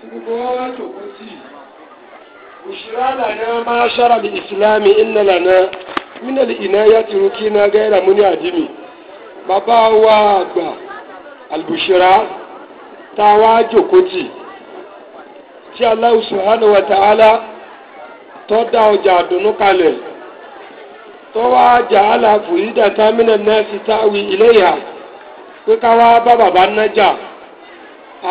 tí gbogbo wọn wá tòkó sí i òṣìṣẹ́ àlàyé máa ṣára bí ìsìlámì iná lànà mínàlì ìnáyà ti rú kí iná gẹ́rà mú ní àdìmí bàbá wa àgbà àlùbùṣẹ́ra tá a wá jòkó tì tí subhanahu wa ta'ala tó dá ọjà àdùnnú kalẹ̀ tó wá jà á là fòyídà támínà náà ti táwí ilé ìhà pé ká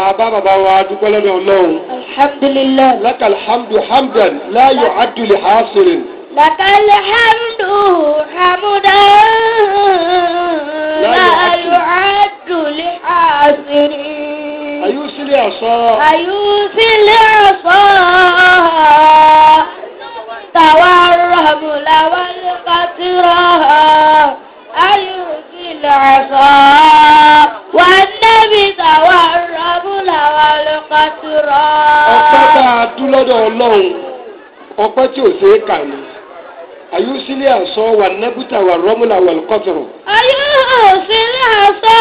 àbá bàbá wa dúpẹ́ lọ́dọ̀ ọlọ́run. alhamdulilayi. lakal hamdu hamdan láyò adúlé hasirin. lakal hamdu hamdan láyò adúlé hasirin. ayúsílẹ̀ àṣọ. ayúsílẹ̀ àṣọ. tàwa rọ̀mù làwọn lè bá ti rọ̀ ayúsílẹ̀. العصا والنبت والرمل والقطرة ọpẹ́ tá a dú lọ́dọ̀ ọlọ́run ọpẹ́ tí ò ṣeé kà ní ayúsílẹ̀ wa wà wa wà rọ́mùlà wà lùkọ́tùrù. ayúsílẹ̀ àṣọ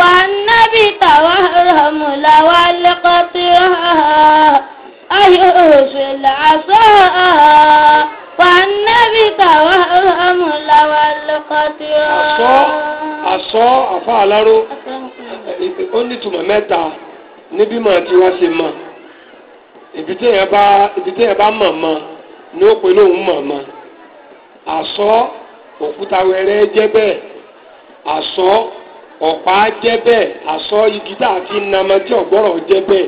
wà nẹ́bùtà wà rọ́mùlà wà lùkọ́tùrù ayúsílẹ̀ àṣọ. sọ àfa àláró ó ní ìtumọ̀ mẹ́ta níbí mà tí wá ṣe mọ̀ ibi bá bá mọ̀ mọ̀ ni ó pe lóun mọ̀ mọ̀ àsọ òkúta wẹrẹ jẹ́ bẹ́ẹ̀ àsọ ọ̀pá jẹ́ bẹ́ẹ̀ àsọ igi tá a fi tí ọ̀gbọ́rọ̀ jẹ́ bẹ́ẹ̀.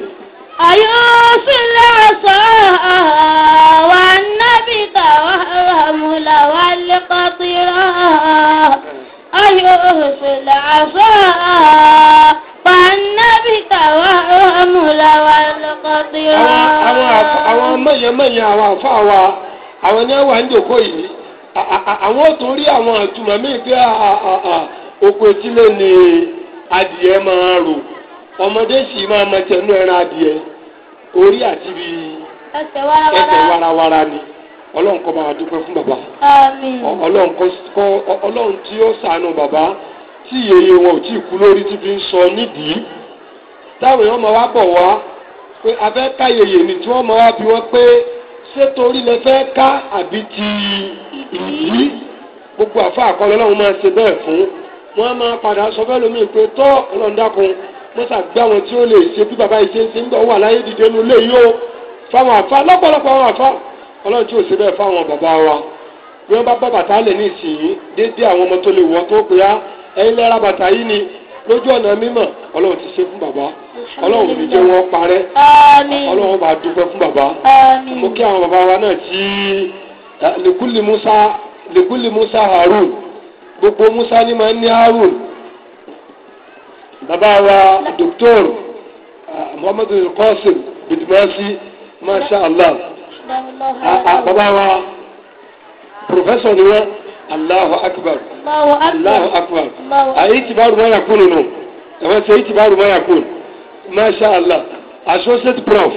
sílẹ̀ sọ nábìtà wà ويوسف العصا فأنا بك والأمل والقطيع àwọn mọ̀nyẹ̀mọ̀nyẹ̀ àwọn àfáà wa àwọn ní àwọn àjòkó yìí àwọn tó rí àwọn àtúmọ̀ a a oko etílẹ̀ ni ọmọdé sì máa mọ tẹnu ẹran adìẹ orí àti ẹsẹ warawara ni. ọlọ́run kọ́ máa dúpẹ́ fún bàbá ọlọ́run kọ́ ọlọ́run tí ó sànù bàbá tí yeye wọn ò tí ì kú lórí tí fi ń sọ nídìí táwọn èèyàn máa wá bọ̀ wá pé abẹ́ ká yeye ni tí wọ́n máa wá bí wọ́n pé ṣé torí lẹ fẹ́ ká àbí ti ìyí gbogbo àfa àkọlẹ́ ọlọ́run máa ṣe bẹ́ẹ̀ fún wọ́n máa padà sọ fẹ́ lómi pé tọ́ ọlọ́run dákun mọ́sà gbé àwọn tí ó lè ṣe bí bàbá yìí ṣe ń ṣe ń gbọ́ wà láyé dìde nulẹ̀ yìí ó fáwọn àfa lọ́pọ̀lọpọ̀ àwọn àfa ọlọ́run tí ò sí bẹ́ẹ̀ fáwọn bàbá wa bí wọ́n bá bá bàtà lẹ̀ ní ìsìn dédé àwọn ọmọ tó lè wọ́n tó pé á ah, ẹ̀yin lẹ́ra bàtà yìí ni lójú ọ̀nà mímọ̀ ọlọ́run ti ṣe fún bàbá ọlọ́run mi jẹ́ wọn parẹ́ ọlọ́run bá dúpẹ́ fún bàbá mo kí àwọn bàbá wa náà tí eh, lèkúlì musa lèkúlì musa harun gbogbo musa ni máa ń ní harun bàbá wa dr eh, muhammadu qasim bidmasi masha allah bàbá wa pòfẹ́sọ̀ ni wọ́n aláhu akbar aláhu akbar àyè tìbáru mọ́ra kún nù àwọn ṣe tìbáru mọ́ra kún masha allah associate prof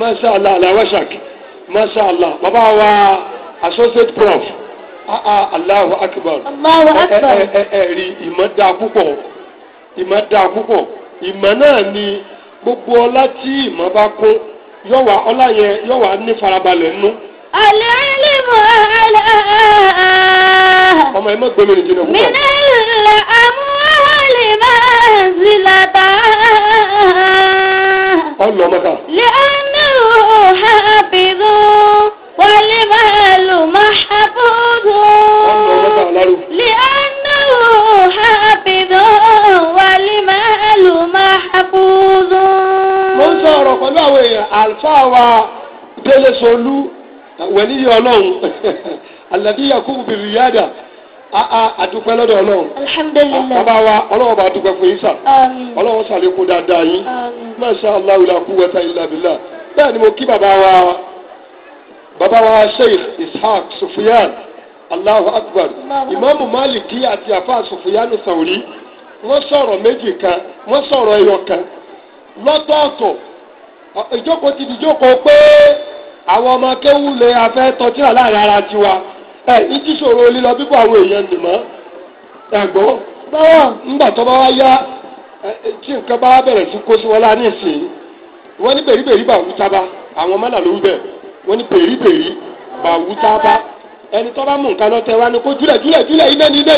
masha allah alawashak masha allah bàbá wa associate prof ah, ah, aláhu akbar ẹ̀rí ìmọ̀ dáa púpọ̀ ìmọ̀ dáa púpọ̀ ìmọ̀ náà ni gbogbo ọlá tí ìmọ̀ bá kún yóò wá ọlá yẹn yóò wá ní farabalẹ̀ nú. àlẹ́ ilé mọ̀ àlẹ́. ọmọ ẹ má gbẹ́mí ní jìnnà púpọ̀. mi àmúhálì máa ń zìlà tá. ọ̀nà ọmọ kan. lẹ́yìn. Wa àfáàwà tẹ́lẹ̀sọ̀lú wẹ̀líyà ọlọ́run alàbíyà kúrú bìrì yáda àdúpẹ́ lọ́dọ̀ ọlọ́run alhamdulilayi bàbá wa ọlọ́run bá dúpẹ́ fún yín sà ọlọ́run sàlékún dáadáa yín masha allah la quwwata illa billah bẹ́ẹ̀ ni mo kí bàbá wa bàbá wa sheikh ishaq sufiyan allahu akbar imaamu maliki àti afa sufiyan sauri wọ́n sọ̀rọ̀ méjì kan wọ́n sọ̀rọ̀ ẹyọ kan lọ́tọ̀ọ̀tọ̀ ìjókòó ti di ìjókòó pé àwọn ọmọ kéwú lè afẹ́ ara tiwa ẹ ìdí ìṣòro lílọ bíbọ̀ àwọn èèyàn nìmọ́ ẹ̀gbọ́n báwa ńgbà tó bá wá yá tí nǹkan bá bẹ̀rẹ̀ sí kó sí wọn ní ìsìn ní bá wú sábà àwọn ọmọ náà ló wú bá wú sábà ẹni tó bá mú nǹkan lọ́tẹ̀ wá ní kó júlẹ̀ júlẹ̀ júlẹ̀ iná ni bá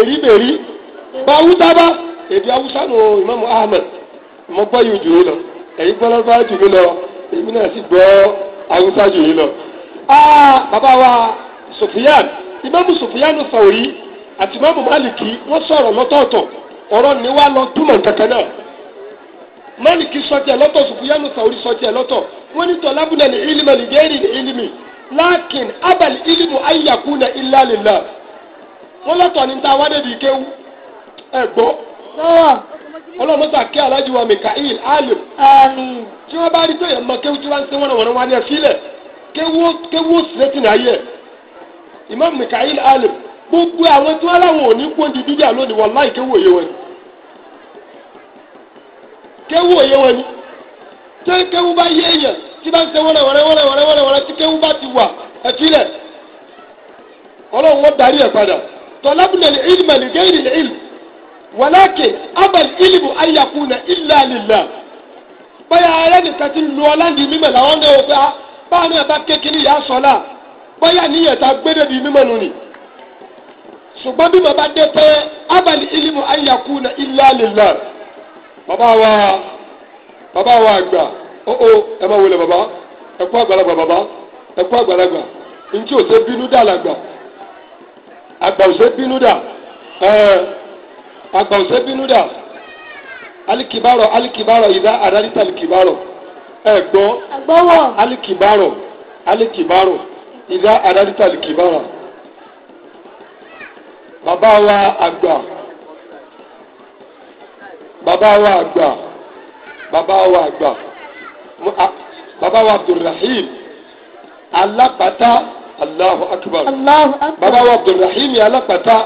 jẹ́ ni bá awúsá bá èdè awúsá nù ìmọ̀mù ahmed mo gbọ́ yìí jù yín lọ ẹ̀yin gbọ́ lọ́ba jù mí lọ èmi náà sì gbọ́ awúsá jù yín lọ. bàbá wa sofiyan ìmọ̀mù sofiyan sọ̀rí àti ìmọ̀mù maliki wọ́n sọ̀rọ̀ lọ́tọ̀ọ̀tọ̀ ọ̀rọ̀ ni wá lọ túmọ̀ kankan náà maliki sọtì ẹ lọ́tọ̀ sufiyanu sawuri sọtì ẹ lọ́tọ̀ wọn ni tọlabuna ni ilimi ni gẹri ni ilimi lakin abali ilimu ayakuna ilalila wọn lọ́tọ̀ ni ta wá débi kéwú ẹ gbọ́. ọlọ́mọ́sà kí alájú wa mikael alim. àmín. tí wọ́n bá rí tó yẹ mọ kéwú tí wọ́n ń sẹ́ wọ́n wọ́n ní ẹ̀fílẹ̀ kéwú náà yẹ. imam mikael alim gbogbo àwọn tí wọ́n ní kó di bíbí àlónìí wọ́n láì kéwú òye wọn. kéwú òye wọn ni tí kéwú bá yé èèyàn tí bá ń sẹ́ wọ́n wọ́n wọ́n wọ́n wọ́n tí kéwú bá ti wà ẹ̀fílẹ̀ ọlọ́run wọ́n darí ẹ̀ padà walake abal ilimu an yakuna illa lillah baya ara ni kati luola di mimɛ la wọn dɛwɔ ba baani ɛba kekele ya sɔla baya ni yɛta gbede di mimɛ nuni sugbɔn bimɛ ba de pɛ abal ilimu an yakuna illa lillah baba wa baba wa gba o o ɛ ma wele baba ɛ kó gba baba ɛ kó agbala gba ntí o se binu da la gba agba o se binu àgbà òṣè bínú dà alikibaro alikibaro ìdá àdáríta alikibaro ẹ gbọ́ alikibaro alikibaro ìdá àdáríta alikibaro bàbá wa àgbà bàbá wa àgbà bàbá wa àgbà bàbá wa abdulrahim alápàtà aláhu akbar bàbá wa abdulrahim alápàtà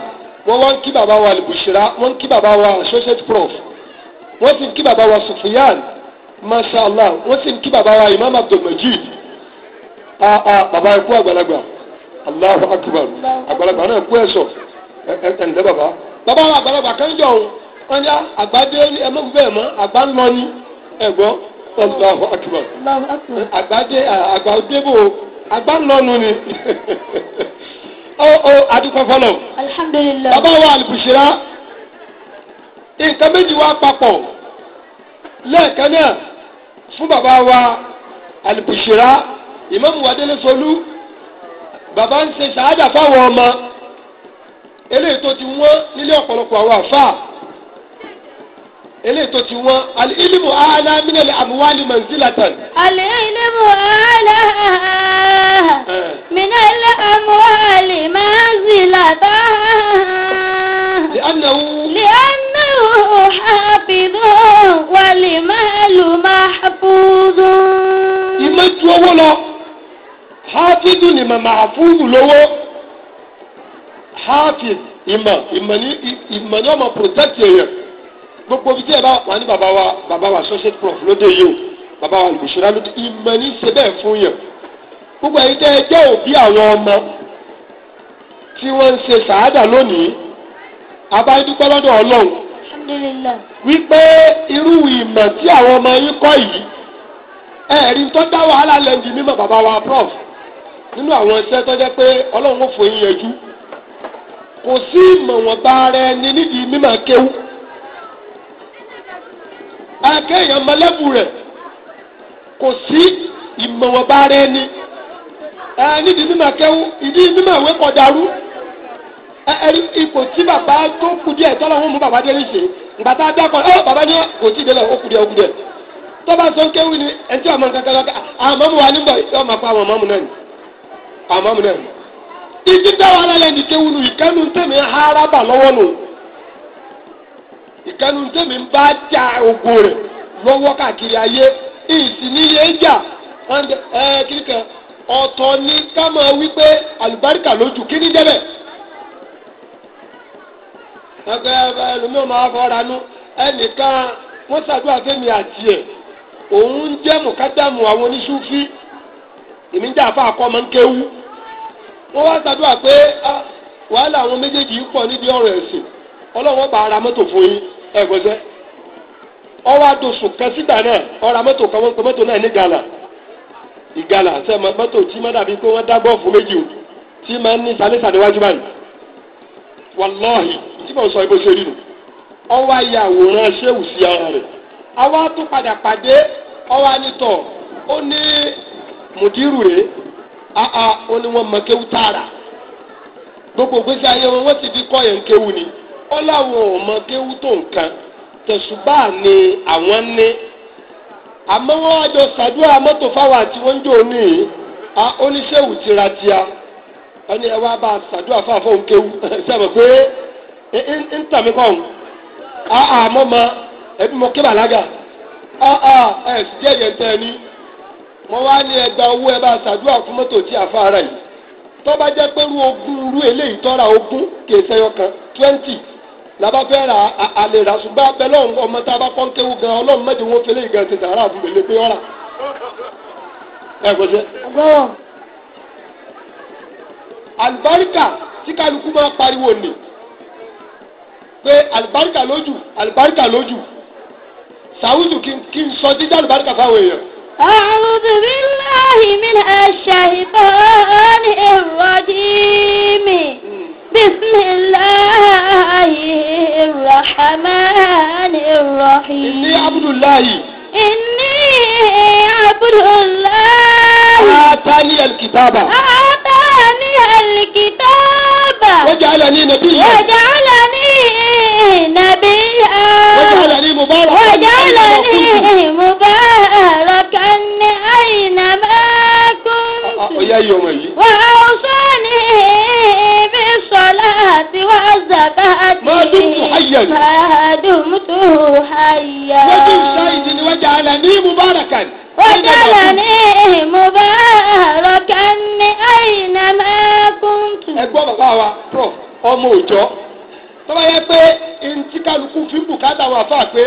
wọ́n wá ń kí bàbá wa albushira wọ́n ń kí bàbá wa associate prof wọ́n sì ń kí bàbá wa sufiyan masha allah wọ́n sì ń kí bàbá wa imam abdulmajid aa bàbá ẹ̀kú àgbàlagbà allahu akbar àgbàlagbà náà ẹ̀kú ẹ̀sọ̀ ẹ̀ǹdẹ́ bàbá. bàbá wa àgbàlagbà kan jọ òun wọ́n yá àgbàdé ẹ̀mọ́kú bẹ́ẹ̀ mọ́ àgbà ń lọ ní ẹ̀gbọ́ allahu akbar àgbàdé àgbàdébò àgbà ń lọ nù ni. ó oh, ó oh, adúpẹ́ fọlọ́. alhamdulilayi. bàbá wa alùpùsìrá nǹkan méjì wá papọ̀ lẹ́ẹ̀kan náà fún bàbá wa alùpùsìrá ìmáàmù wa délé solú bàbá ń ṣe sàádà fáwọn ọmọ eléyìí tó ti wọ́n nílé ọ̀pọ̀lọpọ̀ àwọn àfáà eléyìí tó ti wọ́n alìlímù àlá mílíọ̀nù àbúwálì mọ̀nsílátàn. alìlímù àlá. lówó lọ hafidu ni màmá àfúrú lówó hafidu ìmọ̀ ìmọ̀ ní ìmọ̀ ní ọmọ protect èèyàn gbogbo ibi tí ẹ bá wà ní bàbá wa bàbá wa associate prof lóde yìí o bàbá wa ìbùsùnà lóde ìmọ̀ ní ṣe bẹ́ẹ̀ fún yàn gbogbo ẹ̀yin tẹ́ ẹ jẹ́ òbí àwọn ọmọ tí wọ́n ń ṣe sàádà lónìí abáyédúpẹ́ lọ́dọ̀ ọlọ́run wípé irú ìmọ̀ tí àwọn ọmọ yín kọ́ yìí ẹ̀rí tó dá wàhálà lẹ́ǹdì mímọ̀ bàbá wa prof nínú àwọn iṣẹ́ tó jẹ́ pé ọlọ́run ó fòyín yẹjú kò sí ìmọ̀ wọn bá ara ẹni nídìí mímọ̀ kéwú akéèyàn mọ̀lẹ́bù rẹ̀ kò sí ìmọ̀ wọn bá ara ẹni nídìí mímọ̀ kéwú ìdí mímọ̀ ìwé kọ̀ dàrú ẹ̀rí ipò tí bàbá tó kù díẹ̀ tọ́lọ́run mú bàbá délé ṣe ìgbà dákọ̀ ẹ bàbá ní kò tí délẹ̀ ó kù díẹ̀ ó kù díẹ̀. tó bá sọ kéwì ni ẹtí àmọ́ kankan lọ́kà àmọ́ mu wà nígbà yìí ọmọ pa àwọn ọmọ náà ni àmọ́ mu náà ni. ìdí dáwọ́ alẹ́ ní kéwì nu ìkànnù tẹ̀mí haraba lọ́wọ́ nù ìkànnù tẹ̀mí bá ja ògo rẹ̀ lọ́wọ́ káàkiri ayé ìsìníye jà ẹ ọ̀tọ̀ ni ká máa wí pé àlùbáríkà lójú kí ní débẹ̀. ẹgbẹ́ ẹlòmíràn máa fọ́ra nú ẹnìkan wọ́n ṣàdúrà fẹ́mi àti ẹ̀. òun ń jẹ́ mùkádàmù àwọn oníṣúfí èmi ń dà fún akọ́mọ ń kéwú wọ́n wá ṣàdúrà pé ah, wàhálà àwọn méjèèjì ń pọ̀ nídìí ọ̀rọ̀ ẹ̀sìn ọlọ́wọ́ bá ara mọ́tò fún yín ẹ̀gbọ́sẹ́ ọwọ́ àdòsù kan sígbà náà ọ̀rọ̀ mọ́tò kan wọ́n pe mọ́tò náà ní gàlà ìgàlà ṣe mọ́tò tí má dàbí pé wọ́n dá bọ́ọ̀fù méjì o tí má ń ní sálẹ́sà níwájú báyìí wàlọ́ọ̀hì tí mò sọ ibo ṣe rí nu ọwọ́ ayé àwòrán ṣéwù sí ara rẹ̀ àwa tún padà pàdé ọwọ́ anitọ̀ ó ní Mudiru rèé A a ní wọ́n mọ gbogbo gbèsè ayé wọn wọ́n ti fi kọ́ ni ó láwọn ò mọ kéwú tó ni àwọn ní àmọ́ wọ́n àjọ sàdúrà mọ́tò wọ́n ń jò ní oníṣẹ́wù tira tia ẹ wá bá sàdúrà ń tàmí ẹbí mo aa ah, ah, ẹ jẹyẹ tẹ ni mo wá ní ẹgbà owó ẹ bá ṣàdúrà fún mọ́tò tí àfàrà yìí tó jẹ́ pé ogún ru eléyìí tọ́ra ogún kìí ṣẹyọ twenty làbá fẹ́ ra àlè rà ṣùgbọ́n abẹ́ ọmọ tá a bá pọ́n kéwu gan ọlọ́run mẹ́jọ wọn fẹ́lẹ́ ìgbà ti sàárà àbúgbè lé pé ọ̀rà ẹ kò ṣe. àlùbáríkà tí kálukú máa pariwo nì pé àlùbáríkà lójú àlùbáríkà lójú. sàwùsù كن كن صديق البركة àlùbáríkà أعوذ بالله من الشيطان الرجيم بسم الله الرحمن الرحيم إني عبد الله إني عبد الله آتاني الكتاب آتاني الكتاب وجعلني نبيا وجعلني نبيا وجعلني مباركا وجعلني أينما كنت وأوصاني بالصلاة والزكاة ما دمت حيا ما دمت حيا وفي شيء وجعلني مباركا وجعلني مباركا أينما كنت. ẹ gbọ́ bàbá wa prof tọ́ba yẹ pé ntí kálukú fi ń bùkátà àfa pé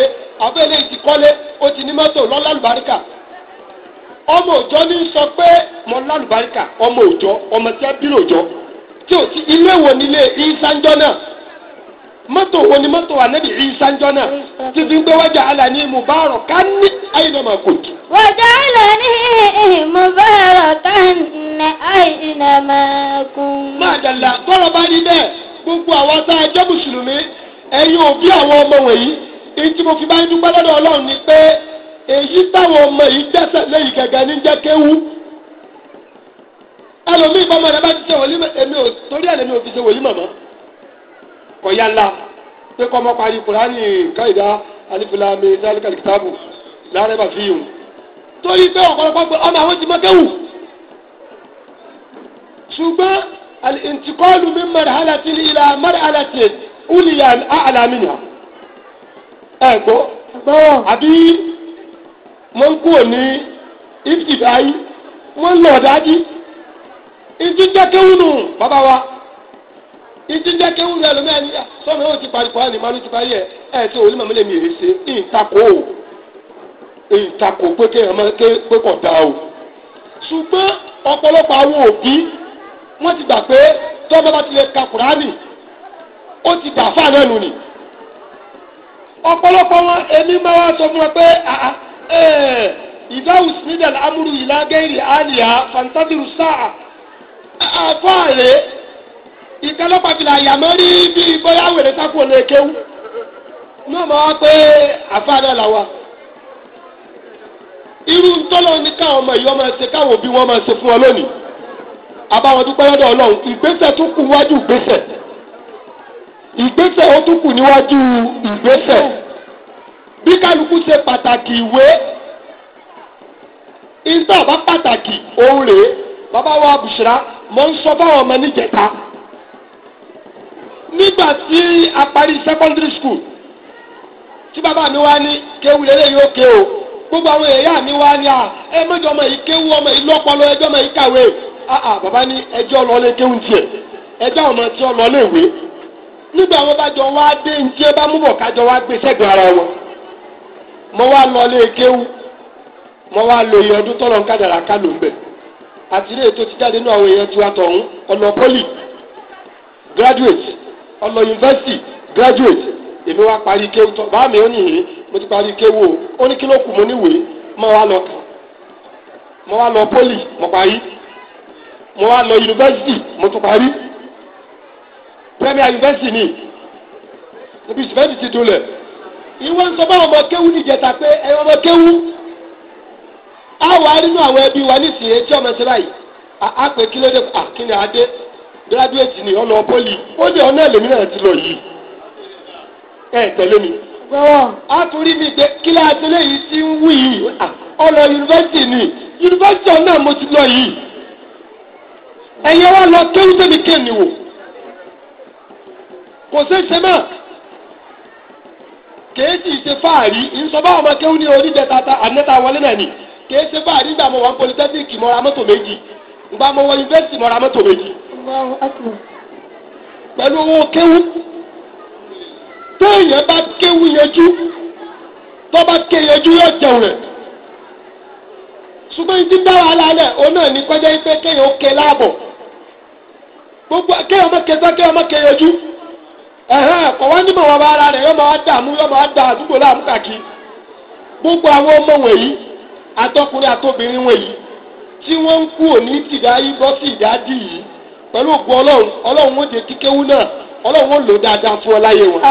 àbẹ́ ti kọ́lé ti ní mọ́tò lọ́lálùbáríkà ọmọ òjọ ní sọ pé mọ lálùbáríkà ọmọ òjọ ọmọ tí a bí lòjọ tí ilé nílé náà mọ́tò wo ni mọ́tò náà ti fi ń gbé wájà ní ká ní wájà ní gbogbo àwọn tá a jẹ́ mùsùlùmí ẹ̀yin òbí àwọn ọmọ wọ̀nyí mo fi bá ń dúpẹ́ ọlọ́run ni pé èyí táwọn ọmọ yìí gbẹ́sẹ̀ lẹ́yìn gẹ́gẹ́ ní jẹ́ kéwú ẹlòmíì bọ́mọ rẹ bá ti ṣe wòlímọ̀ èmi ò torí ẹ̀ lèmi ò fi ya ńlá pé kọ́ ọmọ parí kùránì nǹkan ìdá bá fi yùn torí pé ọ̀pọ̀lọpọ̀ ọmọ àwọn ti kéwù الانتقال من مرحلة إلى مرحلة أوليا أعلى منها ẹ̀gbọ́ àbí wọ́n kúrò ní ìfìdáyí wọ́n lọ dájí ìjíjẹ́kẹ́wùnù bàbá wa ìjíjẹ́kẹ́wùnù ẹlòmíà ní sọ́mi ó ti parí kọ́ ẹni máa ló ti parí ẹ̀ ẹ̀ tí òun mọ̀mọ́lẹ̀ mi rèé ṣe ìtakò ìtakò pé kéèyàn máa ké pé kọ̀ dá o ṣùgbọ́n ọ̀pọ̀lọpọ̀ àwọn òbí wọ́n ti gbà pé tọ́jọ́ bá ti lè ka kùránì ó ti dà nù ni. ọ̀pọ̀lọpọ̀ wọn èmi máa wá sọ fún wọn pé ìdáhùn sinidàl amúrú ìlà gẹ́rì àlìyá fantadiru sáà àfáàlẹ́ ìkẹlọ́pàá fìlà àyàmọ́ rí bí bóyá wèrè sákò lè kéwú náà máa wá pé irú ntọ́lọ́ ní káwọn ọmọ máa ṣe káwọn òbí máa ṣe fún ọ abáwọn dúpẹ́ lọ́dọ̀ ọlọ́run ìgbésẹ̀ tún kù wájú ìgbésẹ̀ ìgbésẹ̀ ó tún kù níwájú ìgbésẹ̀ bí kálukú ṣe pàtàkì ìwé ìgbà bá pàtàkì òun rèé bàbá wa bùsùlá mọ̀ ń sọ fáwọn ọmọ níjẹta nígbà tí a parí secondary school tí bàbá mi wá ní kéwù lélẹ́yìn ó ké o gbogbo àwọn èèyàn mi wá ní à ẹ mẹ́jọ ọmọ yìí kéwù ọmọ yìí lọ́pọlọ ẹjọ́ ọmọ yìí kàwé Aa ah, ah, baba ni, ẹjọ́ lọ lé kéwù tiẹ̀ ẹjọ́ ọmọ tí ọ lọ lé ìwé nígbà wọn bá jọ wá dé ntí ẹ bá mú bọ̀ kájọ wá gbé ara wọn mo wá lọ lé kéwù mo wá lo iye ọdún tọ́lọ̀ ń ká ti jáde àwọn èèyàn tọ̀hún ọ̀nà poli, graduate ọ̀nà yunifásitì graduate èmi wá parí kéwù mo ti parí kéwù o ó ní kí ló kù mo níwèé wá mo wá lọ yunifásitì mo tún parí premier yunifásitì ni ibi yunifásitì tó lẹ̀ ìwọ ń sọ báwọn ọmọ kéwú nìjẹta pé ẹ ọmọ kéwú á wà nínú àwọn ẹbí wa nísìnyí etí ọmọ ẹsẹ báyìí á pè kí ló dé à kí ni adé gírádùétì ni ọlọ pọlì ó lè ọ̀nà èlèmí náà ti lọ yìí ẹ tẹ̀lé mi. a tún rí mi pé kí láti lè yìí ti ń wí yìí ọlọ yunifásitì ni yunifásitì ọ̀nà mo ti lọ yìí ẹ̀yẹ wa lọ kéwú tẹ̀mí kéènì wò kò sí ṣe mọ́ kéèjì ṣe fáàrí nsọ́bà ọmọ kéwú ní oníjẹ tata ànẹ́ta wọlé náà ni kéè ṣe fáàrí nígbà mo wà ń politẹ́tíìkì mọ́ra mọ́tò méjì nígbà mo wọ yunifásitì mọ́ra mọ́tò méjì pẹ̀lú owó kéwú téèyàn bá kéwú yẹjú tó bá ké yẹjú yóò jẹun rẹ̀ ṣùgbọ́n ibi dá wàhálà náà òun náà ní kọjá ife kéèyàn ó ké láàbọ̀. gbogbo kéèyàn mọ́ kẹta kéèyàn mọ́ kẹyọjú ẹ̀hán kọ̀ ara rẹ̀ yọ́ máa dààmú yọ́ máa da àdúgbò láàmú kàkí gbogbo àwọn ọmọ wọ̀nyí atọkùnrin atọbìnrin wọ̀nyí tí wọ́n ń kú òní tìdá sí ìdádì yìí ògùn kíkéwú náà lò dáadáa fún ọ láyé wọn.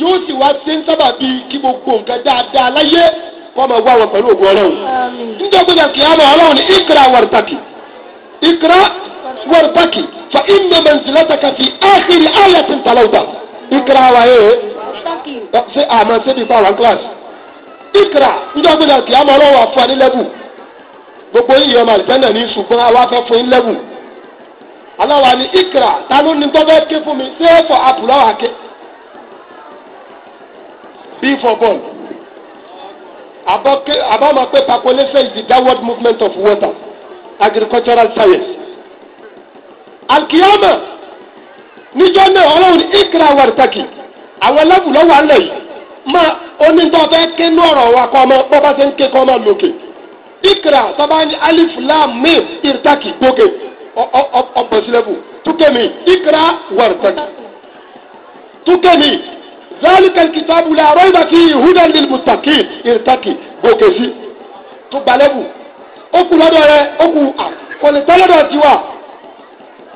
yóò sì wá sí bíi kí gbogbo nǹkan dáadáa láyé kọ́ pẹ̀lú ògùn nítorí pé kìí ní وارتقي فإن منزلتك في آخر آية تلوتها اقرأ وإيه ṣe àmọ́ ṣébi pa one class ikra níjọ́ gbọ́dọ̀ kì á mọ ọlọ́wọ́ fún ẹni lẹ́bù gbogbo yìí ọmọ àlùfẹ́nà ní ṣùgbọ́n àwa fẹ́ fún yín lẹ́bù aláwa ni ikra ta ló ní gbọ́dọ̀ ké fún mi ṣé fọ àpùlọ́ wà ké b for ball abọ́mọ pé pàkó lẹ́sẹ̀ is the downward movement of water agricultural science alikiyama níjọ́ náà ọlọ́run ikra wàrìtàkì àwọn lẹ́bù lọ́wọ́ alẹ́ yìí máa onítọ́fẹ́ ké ní ọ̀rọ̀ wa kọ́ ọmọ bọ́bá ṣe ń ké kọ́ ọmọ lókè ìkìlá tọ́ba ní alif lam mim ìrìtàkì gbókè ọ̀pọ̀sílẹ̀bù túkẹ́mi ìkìlá wàrìtàkì túkẹ́mi zalikal kitabu la rayba fi hudan lil muttaqin ìrìtàkì gbókè sí tó gbalẹ́bù ó kù lọ́dọ̀ rẹ ó kù àkọlẹ̀tọ́lọ́dọ̀ ah, tiwa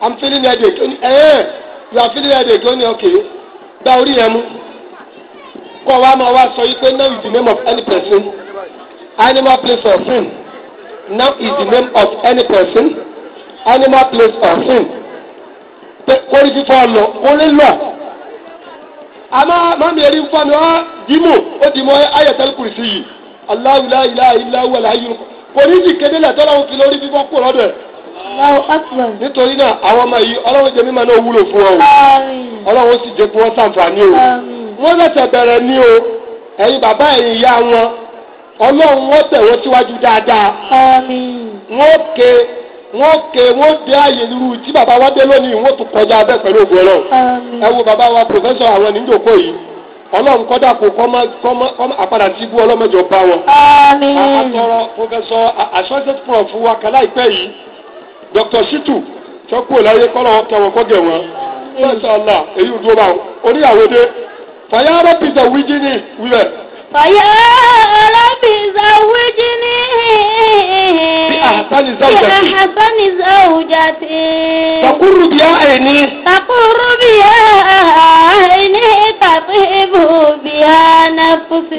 i'm feeling headache eh, ẹ̀ẹ́n you are feeling headache ó ní okay gba orí yẹn mú kọ́ wa máa wá sọ yìí pé now is the name of any person animal place or thing now is the name of any person animal place or thing kórìí fífọ́ lọ kórìí lọ àmọ́ mami ẹ̀rí fún mi wá dìímù ó dìímù ayọ̀tẹ́lẹ̀ kùrìsì yìí aláwìlá ìlà ìlà wàlá yìí kò ní ìdí kéde lẹ́tọ́ làwọn fi lórí fífọ́ kúrò lọ́dọ̀ ẹ̀. nítorí náà àwọn ọmọ yìí ọlọ́run jẹ́ mímọ́ náà wúlò fún ọ o ọlọ́run sì jẹ́ kí wọ́n o wọ́n lẹ́sẹ̀ bẹ̀rẹ̀ ní o ẹ̀yin bàbá ẹ̀yin ìyá wọn ọlọ́run wọ́n tẹ̀ wọ́n síwájú dáadáa wọ́n ké wọ́n ké wọ́n dé ààyè irú tí bàbá wa dé lónìí wọ́n tún kọjá abẹ́ pẹ̀lú ògùn ọlọ́run ẹ wo bàbá wa pòfẹ́sọ̀ àwọn níjókòó yìí ọlọ́run kọ́dà kò àpàdà tí ibú bá Dr. Situ, sọ́kúrò la kọ́lọ̀ wọn kẹwọn kọ́ gẹ̀ wọn mọ́ṣálà èyí ń dúró oníyàwó dé fàyà arábìsà wíjì ní wíwẹ̀. fàyà arábìsà wíjì ní. bí àhásánì záwùjà tí. bí àhásánì záwùjà tí. takuru biya a ẹ̀ ní. takuru bí a ẹ̀ ní tàbíbù bí a nàfùsì.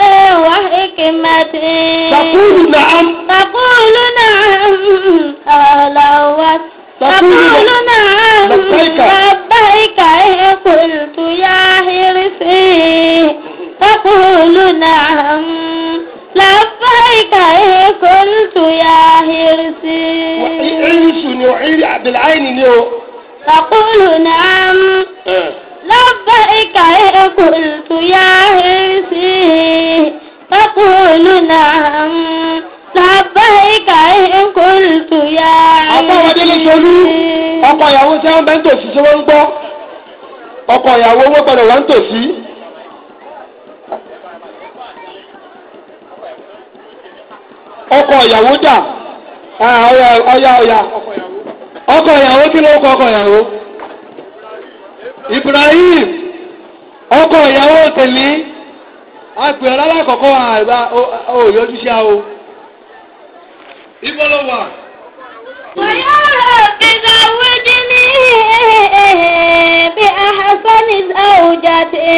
آه وحكمة تقول نعم تقول نعم, نعم. نعم. تقول نعم لبيك قلت يا حرسي تقول نعم آه. لبيك قلت يا حرسي وعيري بالعين اليوم تقول نعم لبيك ذلك إذ قلت ọkọ ìyàwó tí wọn bẹ́ ń tòsí ń gbọ́ ọkọ ìyàwó wọn gbọ́dọ̀ wọn ń tòsí. ọkọ ìyàwó dà ọkọ ìyàwó kí ló ọkọ ìyàwó ọkọ ìyàwó tèmi àpè ọ̀rọ̀ alákọ̀ọ́kọ́ àìbá òyòjúṣe àwò. ibo ló wà. wàyà rẹ̀ bíga wíjí ní bí ahasani àwùjá tè.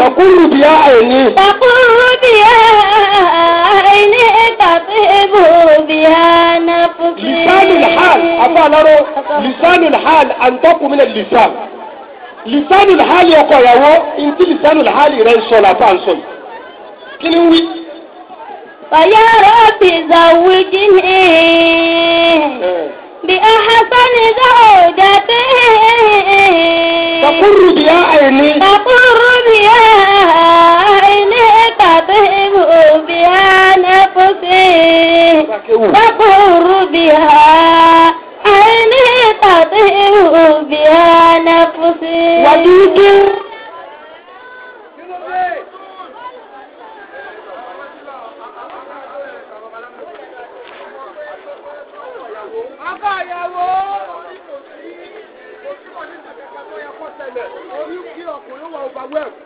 takuru bí a ẹni. takuru bí a ẹni tàbí ibò bí a náà fún mi. lisanu lhal afa alaro lisanu lhal antakumina lisan lisanu lahali ọkọ ìyàwó ntí lisanu lahali rẹ ń sọ làbá ń sọ yìí kí ni ń wí. fàyà rọ́ọ̀bì zàwùjí ni bí ahasani zàwùjá bí. kakuru bíyà àìní. kakuru bíyà àìní kàbí bíyà nẹ́fọ́sì. kakuru bíyà. wàdúdú.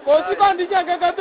Kò sí kọ́ndíṣẹ́ kankan tó.